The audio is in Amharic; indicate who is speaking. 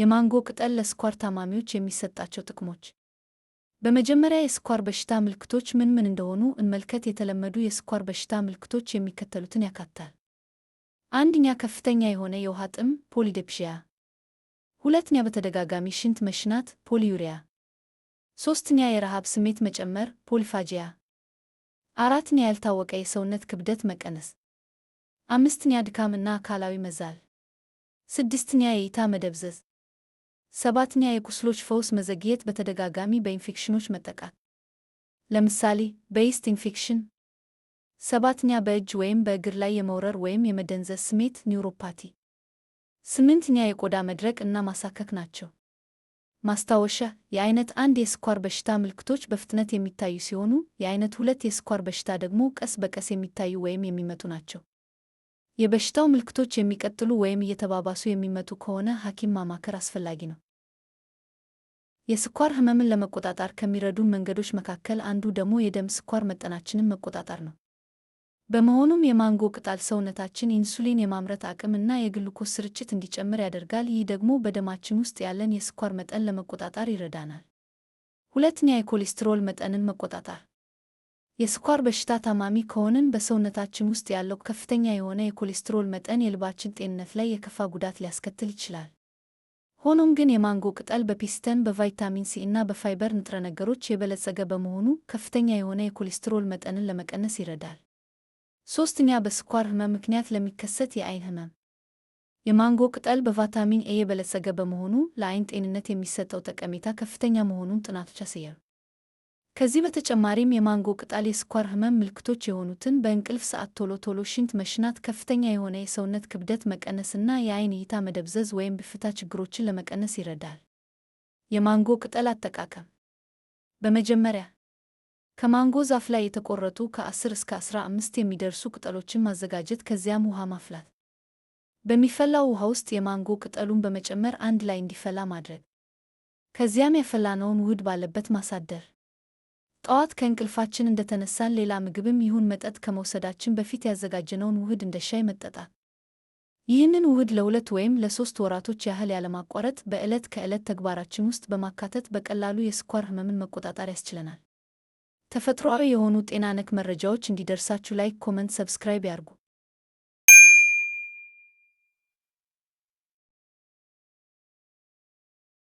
Speaker 1: የማንጎ ቅጠል ለስኳር ታማሚዎች የሚሰጣቸው ጥቅሞች። በመጀመሪያ የስኳር በሽታ ምልክቶች ምን ምን እንደሆኑ እንመልከት። የተለመዱ የስኳር በሽታ ምልክቶች የሚከተሉትን ያካትታል። አንድኛ ከፍተኛ የሆነ የውሃ ጥም ፖሊደፕሺያ፣ ሁለተኛ በተደጋጋሚ ሽንት መሽናት ፖሊዩሪያ፣ ሶስተኛ የረሃብ ስሜት መጨመር ፖሊፋጂያ፣ አራትኛ ያልታወቀ የሰውነት ክብደት መቀነስ፣ አምስትኛ ድካምና አካላዊ መዛል፣ ስድስትኛ የእይታ መደብዘዝ ሰባተኛ የቁስሎች ፈውስ መዘግየት በተደጋጋሚ በኢንፌክሽኖች መጠቃት ለምሳሌ በኢስት ኢንፌክሽን። ሰባተኛ በእጅ ወይም በእግር ላይ የመውረር ወይም የመደንዘዝ ስሜት ኒውሮፓቲ። ስምንትኛ የቆዳ መድረቅ እና ማሳከክ ናቸው። ማስታወሻ የአይነት አንድ የስኳር በሽታ ምልክቶች በፍጥነት የሚታዩ ሲሆኑ የአይነት ሁለት የስኳር በሽታ ደግሞ ቀስ በቀስ የሚታዩ ወይም የሚመጡ ናቸው። የበሽታው ምልክቶች የሚቀጥሉ ወይም እየተባባሱ የሚመጡ ከሆነ ሐኪም ማማከር አስፈላጊ ነው። የስኳር ህመምን ለመቆጣጠር ከሚረዱን መንገዶች መካከል አንዱ ደግሞ የደም ስኳር መጠናችንን መቆጣጠር ነው። በመሆኑም የማንጎ ቅጠል ሰውነታችን ኢንሱሊን የማምረት አቅም እና የግሉኮስ ስርጭት እንዲጨምር ያደርጋል። ይህ ደግሞ በደማችን ውስጥ ያለን የስኳር መጠን ለመቆጣጠር ይረዳናል። ሁለተኛ፣ የኮሌስትሮል መጠንን መቆጣጠር። የስኳር በሽታ ታማሚ ከሆንን በሰውነታችን ውስጥ ያለው ከፍተኛ የሆነ የኮሌስትሮል መጠን የልባችን ጤንነት ላይ የከፋ ጉዳት ሊያስከትል ይችላል። ሆኖም ግን የማንጎ ቅጠል በፒስተን በቫይታሚን ሲ እና በፋይበር ንጥረ ነገሮች የበለጸገ በመሆኑ ከፍተኛ የሆነ የኮሌስትሮል መጠንን ለመቀነስ ይረዳል። ሶስተኛ በስኳር ህመም ምክንያት ለሚከሰት የአይን ህመም የማንጎ ቅጠል በቫይታሚን ኤ የበለጸገ በመሆኑ ለአይን ጤንነት የሚሰጠው ጠቀሜታ ከፍተኛ መሆኑን ጥናቶች አሳያሉ። ከዚህ በተጨማሪም የማንጎ ቅጠል የስኳር ህመም ምልክቶች የሆኑትን በእንቅልፍ ሰዓት ቶሎ ቶሎ ሽንት መሽናት፣ ከፍተኛ የሆነ የሰውነት ክብደት መቀነስና የአይን እይታ መደብዘዝ ወይም ብፍታ ችግሮችን ለመቀነስ ይረዳል። የማንጎ ቅጠል አጠቃቀም በመጀመሪያ ከማንጎ ዛፍ ላይ የተቆረጡ ከ10 እስከ 15 የሚደርሱ ቅጠሎችን ማዘጋጀት፣ ከዚያም ውሃ ማፍላት። በሚፈላው ውሃ ውስጥ የማንጎ ቅጠሉን በመጨመር አንድ ላይ እንዲፈላ ማድረግ። ከዚያም የፈላነውን ውህድ ባለበት ማሳደር ጠዋት ከእንቅልፋችን እንደተነሳን ሌላ ምግብም ይሁን መጠጥ ከመውሰዳችን በፊት ያዘጋጀነውን ውህድ እንደ ሻይ መጠጣት። ይህንን ውህድ ለሁለት ወይም ለሶስት ወራቶች ያህል ያለማቋረጥ በዕለት ከዕለት ተግባራችን ውስጥ በማካተት በቀላሉ የስኳር ህመምን መቆጣጠር ያስችለናል። ተፈጥሯዊ የሆኑ ጤና ነክ መረጃዎች እንዲደርሳችሁ ላይክ፣ ኮመንት፣ ሰብስክራይብ ያርጉ።